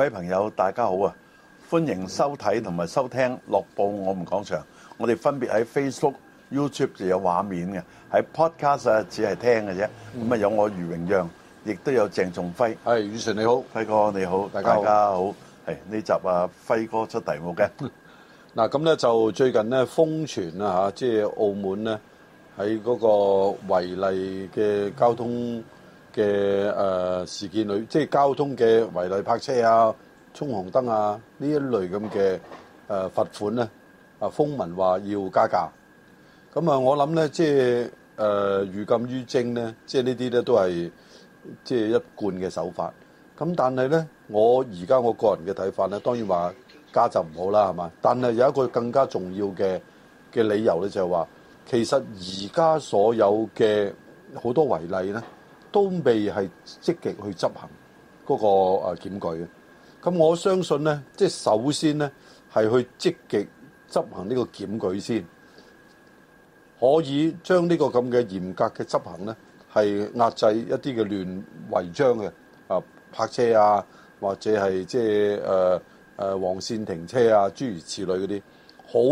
各位朋友，大家好啊！歡迎收睇同埋收聽《樂報我們講場》，我哋分別喺 Facebook、YouTube 就有畫面嘅，喺 Podcast 只係聽嘅啫。咁啊，有我余榮讓，亦都有鄭仲輝。係宇晨你好，輝哥你好，大家好。係呢集啊，輝哥出題目嘅。嗱，咁咧就最近咧風傳啊嚇，即係澳門咧喺嗰個違例嘅交通。嘅誒、呃、事件裏，即係交通嘅違例泊車啊、衝紅燈啊呢一類咁嘅誒罰款咧，啊風聞話要加價。咁啊，我諗咧即係誒愈禁愈精咧，即係、呃、呢啲咧都係即係一貫嘅手法。咁但係咧，我而家我個人嘅睇法咧，當然話加就唔好啦，係嘛？但係有一個更加重要嘅嘅理由咧，就係、是、話其實而家所有嘅好多違例咧。都未係積極去執行嗰個誒檢舉，咁我相信呢，即係首先呢，係去積極執行呢個檢舉先，可以將呢個咁嘅嚴格嘅執行呢，係壓制一啲嘅亂違章嘅啊泊車啊，或者係即係誒誒黃線停車啊諸如此類嗰啲，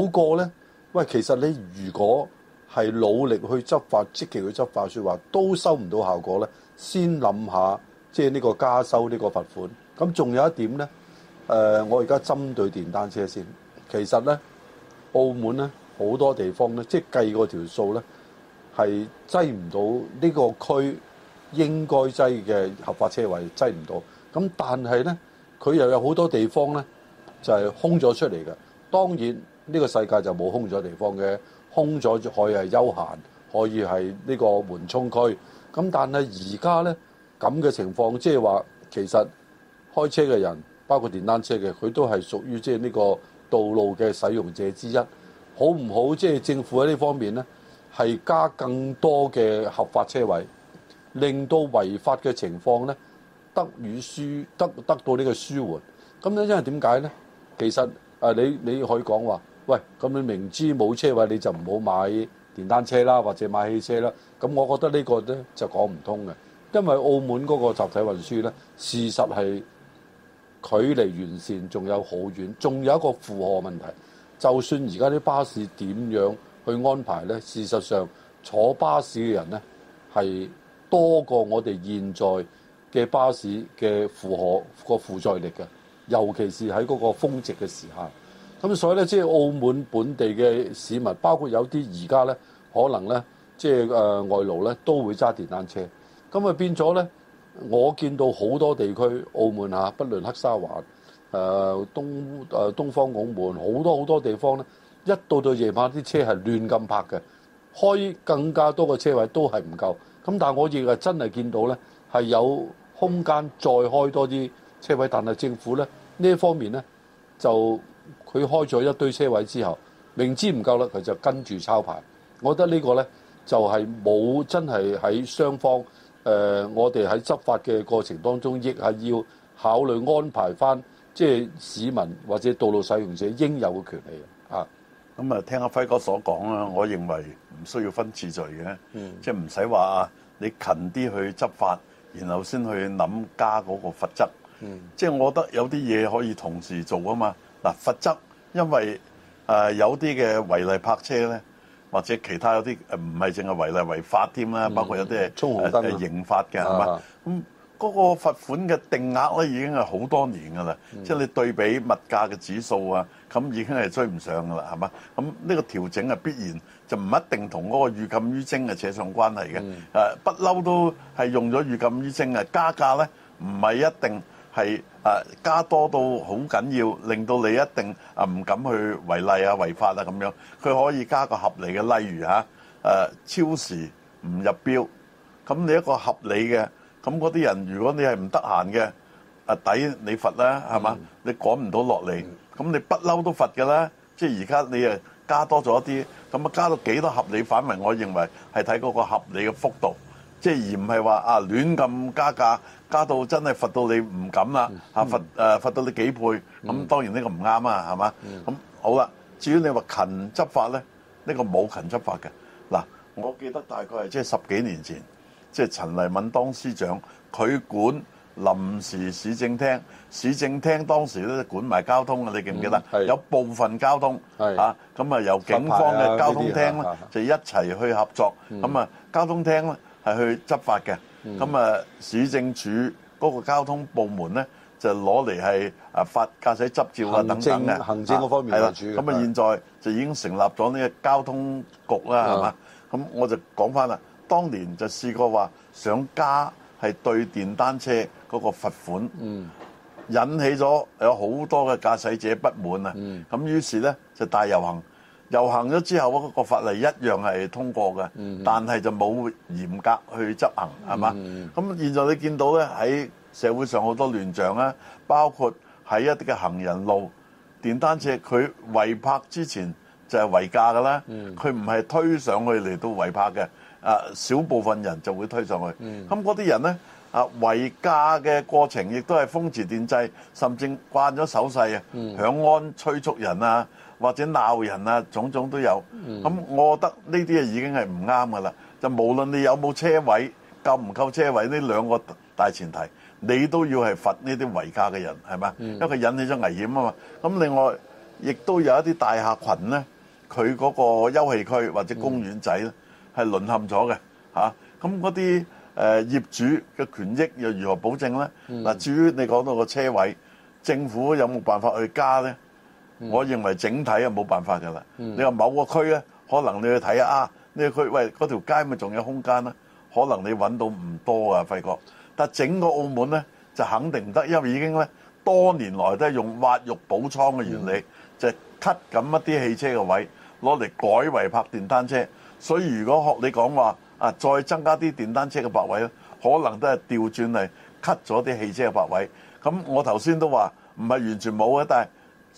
好過呢，喂，其實你如果係努力去執法，積極去執法，說話都收唔到效果呢，先諗下，即係呢個加收呢個罰款。咁仲有一點呢，誒、呃，我而家針對電單車先。其實呢，澳門呢好多地方呢，即係計個條數呢，係擠唔到呢個區應該擠嘅合法車位，擠唔到。咁但係呢，佢又有好多地方呢，就係、是、空咗出嚟嘅。當然呢、這個世界就冇空咗地方嘅。封咗可以係休閒，可以係呢個緩衝區，咁但係而家咧咁嘅情況即係話，其實開車嘅人，包括電單車嘅，佢都係屬於即係呢個道路嘅使用者之一。好唔好？即係政府喺呢方面咧，係加更多嘅合法車位，令到違法嘅情況咧得與舒得得，得到呢個舒緩，咁樣因為點解咧？其實誒你你可以講話。喂，咁你明知冇車位，你就唔好買電單車啦，或者買汽車啦。咁我覺得個呢個咧就講唔通嘅，因為澳門嗰個集體運輸咧，事實係距離完善仲有好遠，仲有一個負荷問題。就算而家啲巴士點樣去安排咧，事實上坐巴士嘅人咧係多過我哋現在嘅巴士嘅負荷、個負載力嘅，尤其是喺嗰個峯值嘅時候。咁所以咧，即係澳門本地嘅市民，包括有啲而家咧，可能咧，即係呃外勞咧，都會揸電單車。咁啊變咗咧，我見到好多地區，澳門吓，不論黑沙環、呃、東東方拱門，好多好多地方咧，一到到夜晚啲車係亂咁泊嘅，開更加多嘅車位都係唔夠。咁但係我亦係真係見到咧，係有空間再開多啲車位，但係政府咧呢呢一方面咧就。佢開咗一堆車位之後，明知唔夠咧，佢就跟住抄牌。我覺得呢個呢，就係、是、冇真係喺雙方誒、呃，我哋喺執法嘅過程當中，亦係要考慮安排返即係市民或者道路使用者應有嘅權利啊。咁啊，聽阿輝哥所講啊，我認為唔需要分次序嘅，即係唔使話你近啲去執法，然後先去諗加嗰個罰則。即係、嗯、我覺得有啲嘢可以同時做啊嘛。嗱，罰則，因為誒、呃、有啲嘅違例泊車咧，或者其他有啲唔係淨係違例違法添啦，包括有啲係紅燈刑法嘅係嘛？咁嗰個罰款嘅定額咧，已經係好多年㗎啦，是的即係你對比物價嘅指數啊，咁已經係追唔上㗎啦，係嘛？咁呢個調整啊，必然就唔一定同嗰個預禁於徵啊扯上關係嘅，誒不嬲都係用咗預禁於徵，啊加價咧唔係一定。係誒加多到好緊要，令到你一定誒唔敢去違例啊違法啊咁樣。佢可以加個合理嘅，例如嚇誒超時唔入標。咁你一個合理嘅，咁嗰啲人如果你係唔得閒嘅，誒抵你罰啦，係嘛？你趕唔到落嚟，咁你不嬲都罰㗎啦。即係而家你誒加多咗啲，咁啊加到幾多合理？反為我認為係睇嗰個合理嘅幅度。即係而唔係話啊亂咁加價，加到真係罰到你唔敢啦嚇罰誒罰到你幾倍，咁當然呢個唔啱啊，係嘛？咁好啦，至於你話勤執法咧，呢個冇勤執法嘅嗱，我記得大概係即係十幾年前，即係陳麗敏當司長，佢管臨時市政廳，市政廳當時咧管埋交通嘅，你記唔記得？有部分交通嚇咁啊，由警方嘅交通廳咧就一齊去合作，咁啊交通廳咧，係去執法嘅，咁啊，市政署嗰個交通部門咧，就攞嚟係啊發駕駛執照啊等等嘅。行政、行政嗰方面係啦。咁啊，現在就已經成立咗呢個交通局啦，係嘛的？咁我就講翻啦，當年就試過話想加係對電單車嗰個罰款，嗯，引起咗有好多嘅駕駛者不滿啊。咁、嗯、於是咧就大遊行。遊行咗之後，嗰、那個法例一樣係通過嘅。嗯、哼但係就冇嚴格去執行，係嘛、嗯哼？咁現在你見到呢，喺社會上好多亂象啦、啊，包括喺一啲嘅行人路電單車，佢違泊之前就係違架㗎啦，佢唔係推上去嚟到違泊嘅，啊，少部分人就會推上去，咁嗰啲人呢，啊違架嘅過程亦都係風馳電掣，甚至慣咗手勢啊，響、嗯、安催促人啊。或者鬧人啊，種種都有。咁我覺得呢啲已經係唔啱㗎喇。就無論你有冇車位，夠唔夠車位呢兩個大前提，你都要係罰呢啲違架嘅人，係、嗯、嘛？因為佢引起咗危險啊嘛。咁另外，亦都有一啲大廈群呢，佢嗰個休憩區或者公園仔呢係淪、嗯、陷咗嘅嚇。咁嗰啲誒業主嘅權益又如何保證呢？嗱，嗯、至於你講到個車位，政府有冇辦法去加呢？我認為整體啊冇辦法噶啦，你話某個區咧、啊，可能你去睇下啊，呢個區喂嗰條街咪仲有空間啦，可能你揾到唔多啊，輝哥。但整個澳門咧就肯定唔得，因為已經咧多年來都係用挖肉補瘡嘅原理，就係、cut 緊一啲汽車嘅位，攞嚟改為泊電單車。所以如果學你講話啊，再增加啲電單車嘅泊位咧，可能都係調轉嚟 cut 咗啲汽車嘅泊位。咁我頭先都話唔係完全冇啊，但係。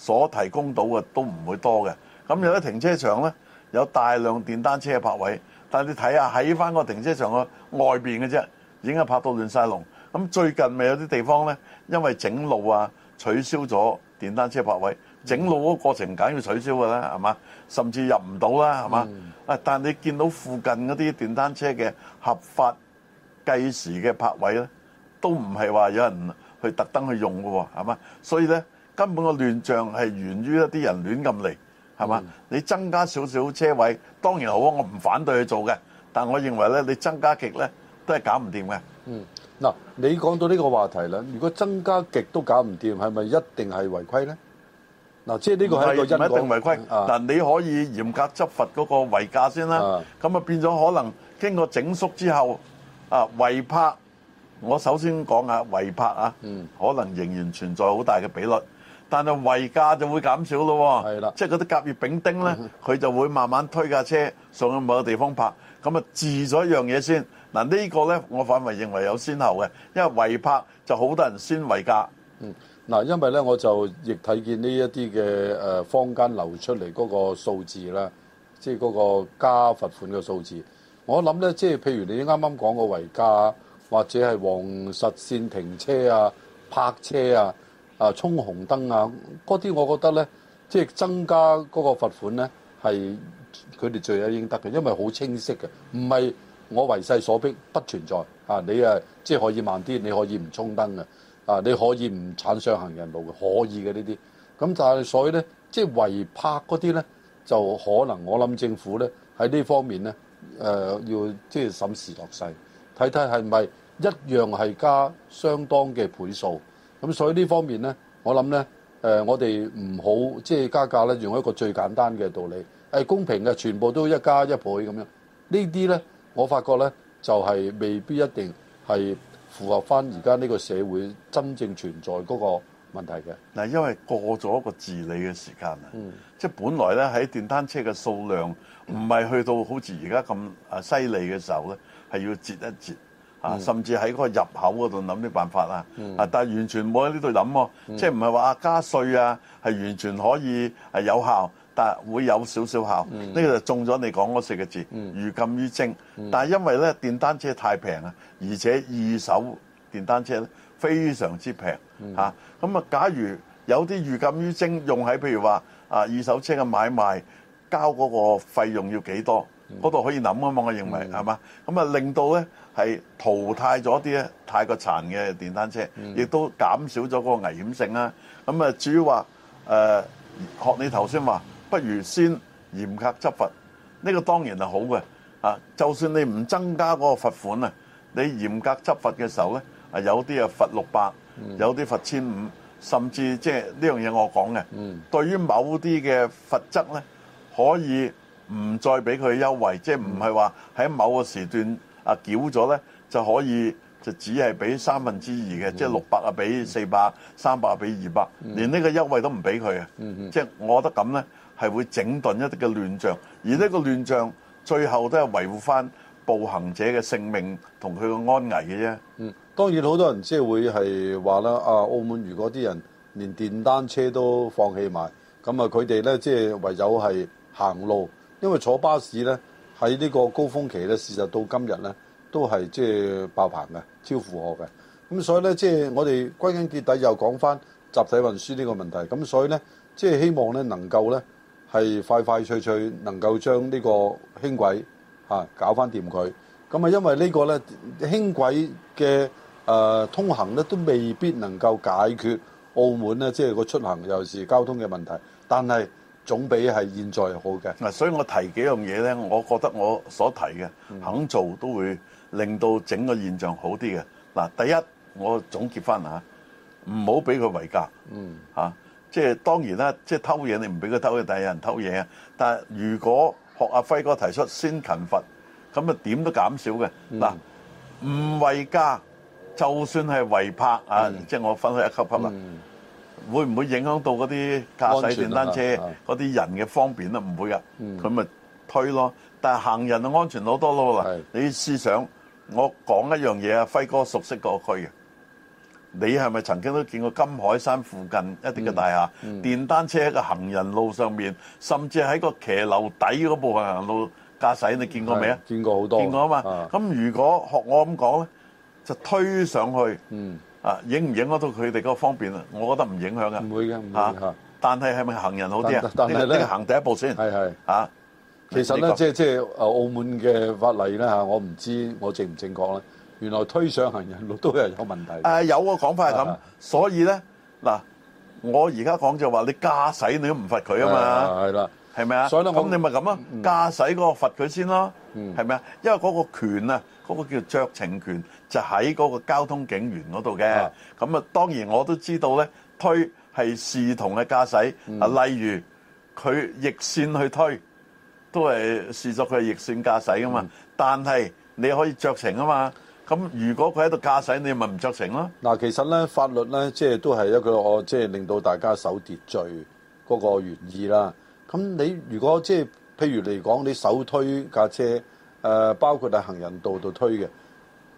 所提供到嘅都唔會多嘅，咁有啲停車場呢，有大量電單車嘅泊位，但你睇下喺翻個停車場嘅外邊嘅啫，已經係泊到亂晒龍。咁最近咪有啲地方呢，因為整路啊，取消咗電單車泊位。整路嗰個過程梗要取消㗎啦，係嘛？甚至入唔到啦，係嘛？啊！但你見到附近嗰啲電單車嘅合法計時嘅泊位呢，都唔係話有人去特登去用嘅喎，係嘛？所以呢。根本個亂象係源於一啲人亂咁嚟，係嘛？你增加少少車位，當然好，我唔反對去做嘅。但我認為咧，你增加極咧都係搞唔掂嘅。嗯，嗱，你講到呢個話題啦，如果增加極都搞唔掂，係咪一定係違規咧？嗱，即係呢個係一個因果。唔一定違規。嗱，你可以嚴格執罰嗰個違價先啦。咁啊變咗可能經過整肅之後，啊違泊，我首先講下違泊啊，可能仍然存在好大嘅比率。但係違駕就會減少咯，係啦，即係嗰啲甲乙丙丁咧，佢就會慢慢推架車送去某個地方拍，咁啊治咗一樣嘢先。嗱、這個、呢個咧，我反為認為有先後嘅，因為違拍就好多人先違駕。嗯，嗱，因為咧我就亦睇見呢一啲嘅誒坊間流出嚟嗰個數字啦，即係嗰個加罰款嘅數字。我諗咧，即係譬如你啱啱講個違駕，或者係黃實線停車啊、泊車啊。啊，衝紅燈啊，嗰啲我覺得呢，即係增加嗰個罰款呢，係佢哋罪有應得嘅，因為好清晰嘅，唔係我為勢所逼不存在啊，你啊即係可以慢啲，你可以唔衝燈啊，啊你可以唔闖上行人路嘅，可以嘅呢啲，咁但係所以呢，即係違泊嗰啲呢，就可能我諗政府呢喺呢方面呢，誒要即係審時度勢，睇睇係咪一樣係加相當嘅倍數。咁所以呢方面呢，我諗呢，誒、呃，我哋唔好即係加價呢，用一個最簡單嘅道理，誒，公平嘅，全部都一加一倍咁樣。呢啲呢，我發覺呢，就係、是、未必一定係符合翻而家呢個社會真正存在嗰個問題嘅。嗱，因為過咗一個治理嘅時間啊，嗯、即係本來呢，喺電單車嘅數量唔係去到好似而家咁啊犀利嘅時候呢，係要截一截。啊，甚至喺個入口嗰度諗啲辦法啦啊，嗯、啊，但係完全冇喺呢度諗喎，即係唔係話加稅啊？係、嗯啊、完全可以有效，但係會有少少效。呢、嗯、個就中咗你講嗰四個字，寓、嗯、禁於徵。嗯、但係因為咧電單車太平啊，而且二手電單車呢非常之平嚇。咁啊，假如有啲寓禁於徵用喺譬如話啊二手車嘅買賣，交嗰個費用要幾多？嗰度可以諗啊嘛，我認為係嘛，咁啊、嗯、令到咧係淘汰咗啲咧太過殘嘅電單車，亦、嗯、都減少咗個危險性啦。咁啊，至於話、呃、學你頭先話，不如先嚴格執法，呢、呢個當然係好嘅。啊，就算你唔增加嗰個罰款啊，你嚴格執法嘅時候咧，啊有啲啊罰六百，有啲罰千五，甚至即係呢樣嘢我講嘅，嗯、對於某啲嘅罰則咧可以。唔再俾佢優惠，即係唔係話喺某個時段啊繳咗呢，嗯、就可以就只係俾三分之二嘅，即係六百啊俾四百，三百俾二百，比200，嗯、連呢個優惠都唔俾佢嘅。即係我覺得咁呢，係會整頓一啲嘅亂象，嗯、而呢個亂象最後都係維護翻步行者嘅性命同佢嘅安危嘅啫。嗯，當然好多人即係會係話啦，啊，澳門如果啲人連電單車都放棄埋，咁啊佢哋呢，即係唯有係行路。因為坐巴士咧，喺呢個高峯期咧，事實到今日咧，都係即係爆棚嘅，超負荷嘅。咁所以咧，即係我哋歸根結底又講翻集體運輸呢個問題。咁所以咧，即係希望咧能夠咧係快快脆脆能夠將呢個輕軌啊搞翻掂佢。咁啊，因為呢個咧輕軌嘅誒通行咧都未必能夠解決澳門咧即係個出行尤其是交通嘅問題，但係。總比係現在好嘅。嗱、啊，所以我提幾樣嘢咧，我覺得我所提嘅、嗯、肯做都會令到整個現象好啲嘅。嗱、啊，第一我總結翻下，唔好俾佢違家，嗯啊，即係當然啦，即係偷嘢你唔俾佢偷嘅，但有人偷嘢啊。但係如果學阿輝哥提出先勤罰，咁啊點都減少嘅嗱，唔、嗯啊、違家，就算係違拍、嗯、啊，即係我分開一級一級啦。嗯會唔會影響到嗰啲駕駛電單車嗰啲的人嘅方便咧？唔會噶，佢咪、嗯、推咯。但係行人就安全好多咯嗱。的你試想，我講一樣嘢啊，輝哥熟悉個區嘅，你係咪曾經都見過金海山附近一啲嘅大廈？嗯嗯、電單車喺個行人路上面，甚至喺個騎樓底嗰部分行路駕駛，你見過未啊？見過好多。見過啊嘛。咁的如果學我咁講咧，就推上去。嗯啊，影唔影得到佢哋嗰個方便啊？我覺得唔影響嘅，唔會嘅，嚇。但係係咪行人好啲啊？你你行第一步先，係係嚇。其實咧，即係即係誒澳門嘅法例咧嚇，我唔知我正唔正確咧。原來推上行人路都係有問題。誒有個講法係咁，所以咧嗱，我而家講就話你駕駛你都唔罰佢啊嘛，係啦，係咪啊？所以咧咁你咪咁啊，駕駛嗰個罰佢先咯，係咪啊？因為嗰個權啊。嗰個叫酌情權就喺、是、嗰個交通警員嗰度嘅，咁啊是的 當然我都知道咧，推係視同嘅駕駛啊，嗯、例如佢逆線去推，都係視作佢係逆線駕駛噶嘛。嗯、但係你可以酌情啊嘛，咁如果佢喺度駕駛，你咪唔酌情咯。嗱，其實咧法律咧，即係都係一個我即係令到大家守秩序嗰個原意啦。咁你如果即係譬如嚟講，你手推架車。誒，包括喺行人道度推嘅，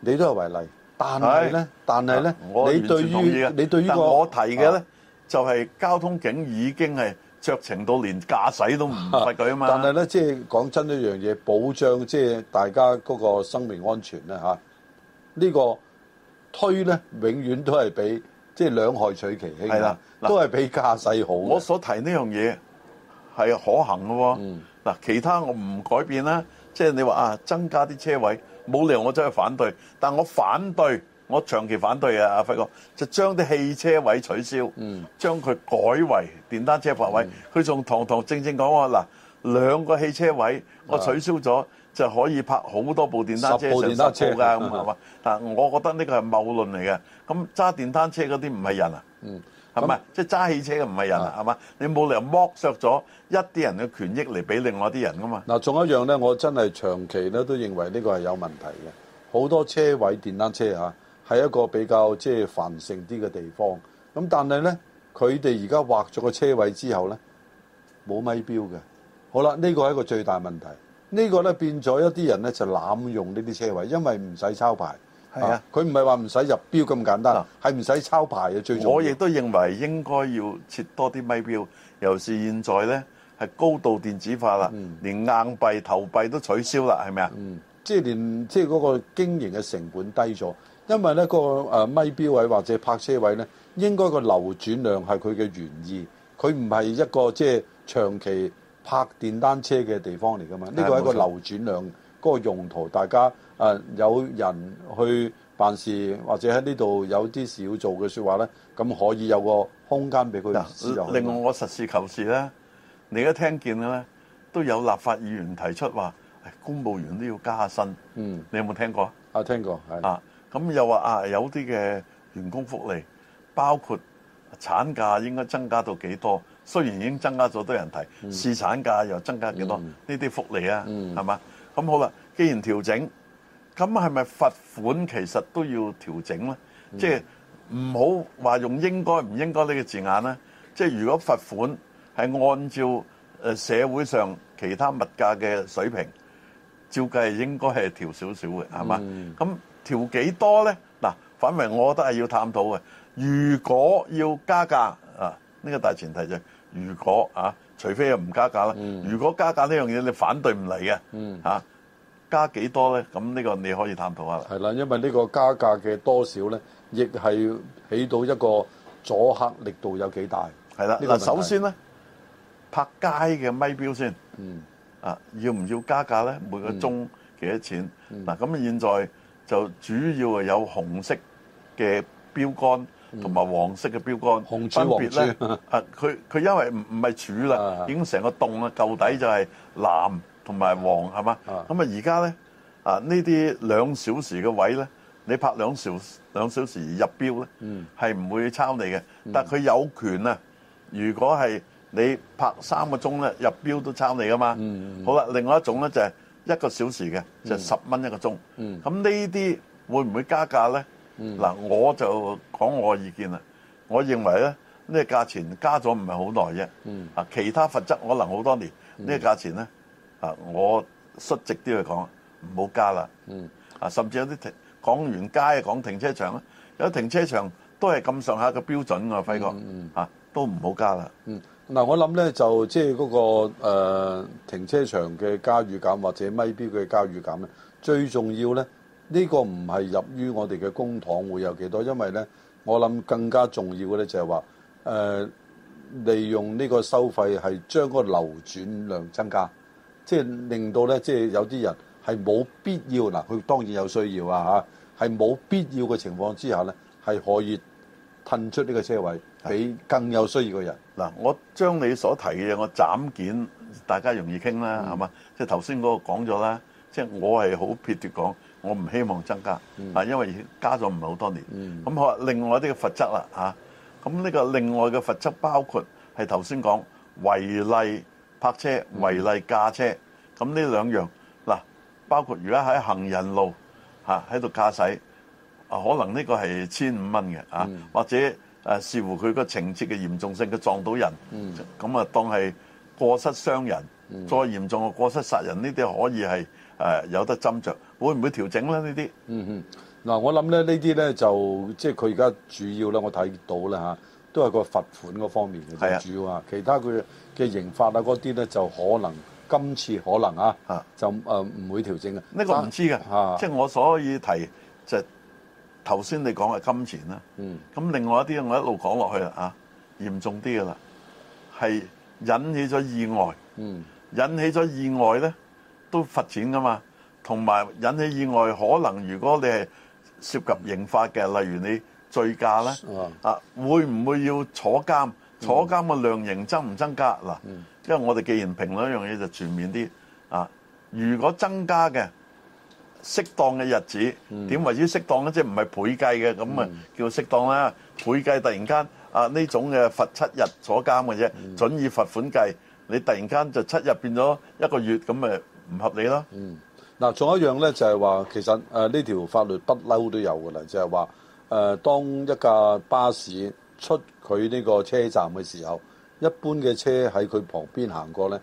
你都係為例。但係咧，但係咧，你對於你對呢個，但我提嘅咧，就係交通警已經係酌情到連駕駛都唔罰佢啊嘛。但係咧，即係講真的一樣嘢，保障即係大家嗰個生命安全咧嚇。呢個推咧，永遠都係比即係兩害取其輕啦，是的 都係比駕駛好。啊、我所提呢樣嘢係可行嘅喎。嗱，其他我唔改變啦。即係你話啊，增加啲車位冇理由我真係反對，但我反對，我長期反對啊！阿輝哥就將啲汽車位取消，將佢、嗯、改為電單車泊位。佢仲、嗯、堂堂正正講話嗱，兩、嗯、個汽車位我取消咗、嗯、就可以泊好多部電單車。十部電單車㗎咁係嘛？但我覺得呢個係謬論嚟嘅。咁揸電單車嗰啲唔係人啊？嗯。係咪？是嗯、即係揸汽車嘅唔係人，係嘛？嗯、你冇理由剝削咗一啲人嘅權益嚟俾另外啲人噶嘛？嗱，仲有一樣咧，我真係長期咧都認為呢個係有問題嘅。好多車位電單車啊，係一個比較即係繁盛啲嘅地方。咁但係咧，佢哋而家劃咗個車位之後咧，冇咪標嘅。好啦，呢、呢個係一個最大問題。呢個、呢個咧變咗一啲人咧就濫用呢啲車位，因為唔使抄牌。係啊，佢唔係話唔使入標咁簡單，係唔使抄牌嘅最重要。我亦都認為應該要設多啲咪標，尤其是現在呢，係高度電子化啦，嗯、連硬幣投幣都取消啦，係咪啊？即係連即係嗰個經營嘅成本低咗，因為呢、嗰個誒咪標位或者泊車位呢，應該個流轉量係佢嘅原意，佢唔係一個即係長期泊電單車嘅地方嚟㗎嘛，呢個係一個流轉量嗰個用途，冇錯。大家。誒、啊、有人去辦事，或者喺呢度有啲事要做嘅說話呢，咁可以有個空間俾佢。另外，我實事求是呢，你一聽見嘅呢，都有立法議員提出話、哎，公務員都要加薪。嗯，你有冇聽過啊？聽聽過係、啊。啊，咁又話啊，有啲嘅員工福利包括產假應該增加到幾多？雖然已經增加咗，多人提事、嗯、產假又增加幾多？呢啲、嗯、福利啊，係嘛、嗯？咁好啦，既然調整。.咁係咪罰款其實都要調整咧？即係唔好話用應該唔應該呢個字眼咧。即係如果罰款係按照誒社會上其他物價嘅水平，照計係應該係調少少嘅，係嘛？咁調幾多咧？嗱，反為我覺得係要探討嘅。如果要加價啊，呢個大前提就係如果啊，除非又唔加價啦。如果加價呢樣嘢你反對唔嚟嘅，嚇。加幾多咧？咁呢個你可以探討下啦。係啦，因為呢個加價嘅多少咧，亦係起到一個阻嚇力度有幾大。係啦的，嗱，首先咧，拍街嘅咪標先。嗯。啊，要唔要加價咧？每個鐘幾多錢？嗱、嗯，咁、嗯啊、現在就主要係有紅色嘅標杆同埋黃色嘅標杆，嗯、紅分別咧，柱啊，佢佢因為唔唔係柱啦，嗯、已經成個洞啦，舊底就係藍。同埋黃係嘛咁啊！而家咧啊，呢啲兩小時嘅位咧，你拍兩小兩小時入標咧，係唔、嗯、會抄你嘅。嗯、但佢有權啊！如果係你拍三個鐘咧，入標都抄你噶嘛。嗯嗯、好啦，另外一種咧就係、是、一個小時嘅，就十、是、蚊一個鐘。咁呢啲會唔會加價咧？嗱、嗯，我就講我嘅意見啦。我認為咧，呢、呢個價錢加咗唔係好耐啫。啊、嗯，嗯、其他罰則可能好多年，呢、呢個價錢咧。啊！我率直啲去講，唔好加啦。嗯。啊，甚至有啲停講完街啊，講停車場啦，有停車場都係咁上下嘅標準㗎，啊，輝哥。嗯，嗯，嗯都唔好加啦，嗯。嗯。嗱，我諗咧就即係嗰，那個、呃、停車場嘅加與減，或者咪標嘅加與減咧，最重要咧呢，這個唔係入於我哋嘅公帑會有幾多，因為咧我諗更加重要嘅咧就係話誒利用呢個收費係將個流轉量增加。即係令到咧，即係有啲人係冇必要嗱，佢當然有需要啊嚇，係冇必要嘅情況之下咧，係可以褪出呢個車位俾更有需要嘅人嗱。我將你所提嘅嘢我斬件，大家容易傾啦，係嘛、嗯？即係頭先嗰個講咗啦，即係我係好撇脱講，我唔希望增加啊，嗯、因為加咗唔係好多年。咁、嗯、另外啲嘅罰則啦，咁呢個另外嘅罰則包括係頭先講違例。泊車違例駕車，咁呢兩樣嗱，包括如果喺行人路嚇喺度駕駛，啊可能呢個係千五蚊嘅啊，嗯、或者誒視乎佢個情節嘅嚴重性，佢撞到人，咁啊、嗯、當係過失傷人，嗯、再嚴重嘅過失殺人呢啲可以係誒有得斟酌，會唔會調整咧？呢啲嗯嗯，嗱我諗咧呢啲咧就即係佢而家主要啦，我睇到啦嚇。都係個罰款嗰方面嘅最主要啊，其他佢嘅刑法啊嗰啲咧就可能今次可能啊，就誒唔會調整啊，呢個唔知嘅，即係我所以提就頭先你講嘅金錢啦，咁另外一啲我一路講落去啦啊，嚴重啲嘅啦，係引起咗意外，引起咗意外咧都罰錢噶嘛，同埋引起意外可能如果你係涉及刑法嘅，例如你。醉駕咧啊，會唔會要坐監？坐監嘅量刑增唔增加？嗱、啊，因為我哋既然評論一樣嘢就全面啲啊。如果增加嘅適當嘅日子點為之適當咧？即係唔係倍計嘅咁啊叫適當啦。倍計突然間啊呢種嘅罰七日坐監嘅啫，嗯、準以罰款計。你突然間就七日變咗一個月咁咪唔合理咯？嗯，嗱，仲有一樣咧就係、是、話其實誒呢、啊、條法律不嬲都有嘅啦，就係、是、話。誒、呃，當一架巴士出佢呢個車站嘅時候，一般嘅車喺佢旁邊行過呢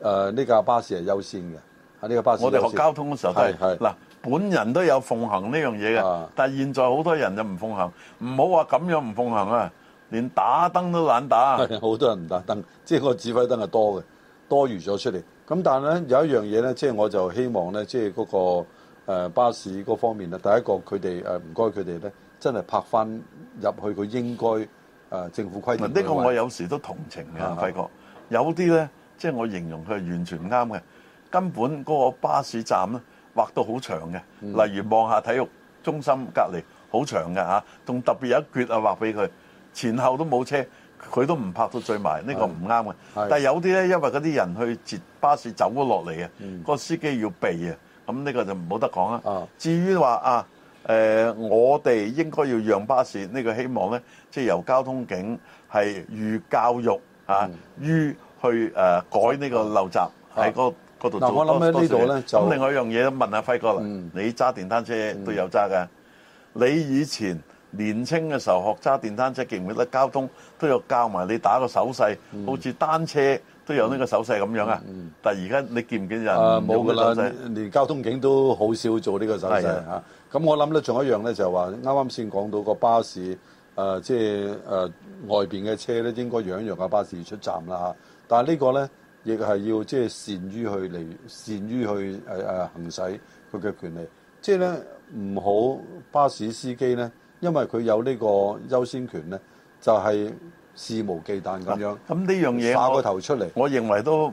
誒呢、呃、架巴士係優先嘅，係呢個巴士。我哋學交通嘅時候都係，係，本人都有奉行呢樣嘢嘅，係，係，但係現在好多人就唔奉行，唔好話咁樣唔奉行啊！連打燈都懶打，係好多人唔打燈，即係個指揮燈係多嘅，多餘咗出嚟。咁但係呢，有一樣嘢呢，即係我就希望呢，即係嗰個巴士嗰方面呢，第一個佢哋，唔該佢哋呢。真係拍翻入去，佢應該誒、呃、政府規定。呢個我有時都同情嘅，輝哥、啊。啊、有啲咧，即、就、係、是、我形容佢係完全唔啱嘅。啊、根本嗰個巴士站咧，畫到好長嘅。嗯、例如望下體育中心隔離，好長嘅嚇。仲、啊、特別有一撅啊，畫俾佢，前後都冇車，佢都唔拍到最埋。呢個唔啱嘅。但有啲咧，因為嗰啲人去截巴士走咗落嚟啊，個司機要避啊，咁呢個就唔冇得講啦。至於話啊。誒、呃，我哋應該要讓巴士呢、這個希望咧，即、就、係、是、由交通警係預教育、嗯、啊，於去誒、呃、改這個在這裡呢個陋習喺嗰度做。嗱，我諗喺呢度咧，咁另外一樣嘢都問阿輝哥啦，嗯、你揸電單車都有揸噶？嗯、你以前年青嘅時候學揸電單車，記唔記得交通都有教埋你打個手勢，好似、嗯、單車。都有呢個手勢咁樣啊，嗯嗯、但係而家你見唔見人？啊，冇啦，連交通警都好少做呢個手勢咁的、啊、我諗咧，仲有一樣咧，就係話啱啱先講到個巴士，即、呃、係、就是呃、外邊嘅車咧，應該讓一讓個巴士出站啦、啊、但係呢個咧，亦係要即係善於去嚟，善於去、啊、行使佢嘅權利。即係咧唔好巴士司機咧，因為佢有呢個優先權咧，就係、是。肆無忌憚咁樣，咁呢樣嘢我個頭出嚟我認為都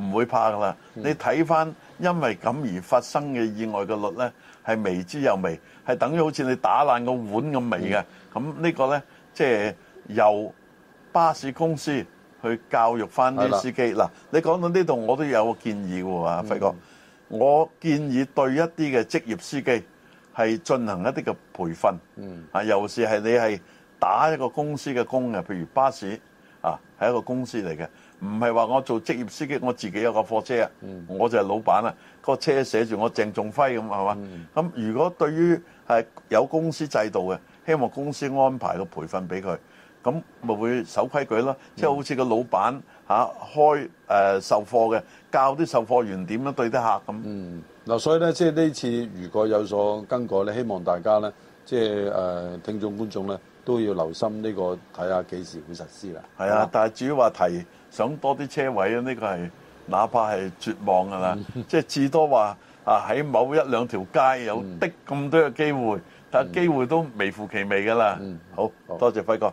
唔會怕噶啦。嗯、你睇翻因為咁而發生嘅意外嘅率咧，係微之又微，係等於好似你打爛個碗咁微嘅。咁、嗯啊、呢個咧，即、就、係、是、由巴士公司去教育翻啲司機。嗱的、啊，你講到呢度，我都有個建議喎，啊，輝、嗯、哥，我建議對一啲嘅職業司機係進行一啲嘅培訓。嗯。啊，尤其是係你係。打一個公司嘅工嘅，譬如巴士啊，係一個公司嚟嘅，唔係話我做職業司機，我自己有架貨車啊，嗯、我就係老闆啦。個車寫住我鄭仲輝咁係嘛？咁、嗯、如果對於係有公司制度嘅，希望公司安排個培訓俾佢，咁咪會守規矩咯。即係、嗯、好似個老闆嚇、啊、開誒、呃、售貨嘅，教啲售貨員點樣對得客咁。嗱、嗯啊，所以咧，即係呢次如果有所更改咧，希望大家咧，即係誒聽眾觀眾咧。都要留心呢個，睇下幾時會實施啦。係啊，是吧但係至於話提想多啲車位咧，呢個係哪怕係絕望㗎啦。即係至多話啊，喺某一兩條街有的咁多嘅機會，嗯、但係機會都微乎其微㗎啦。嗯，好，好多謝輝哥。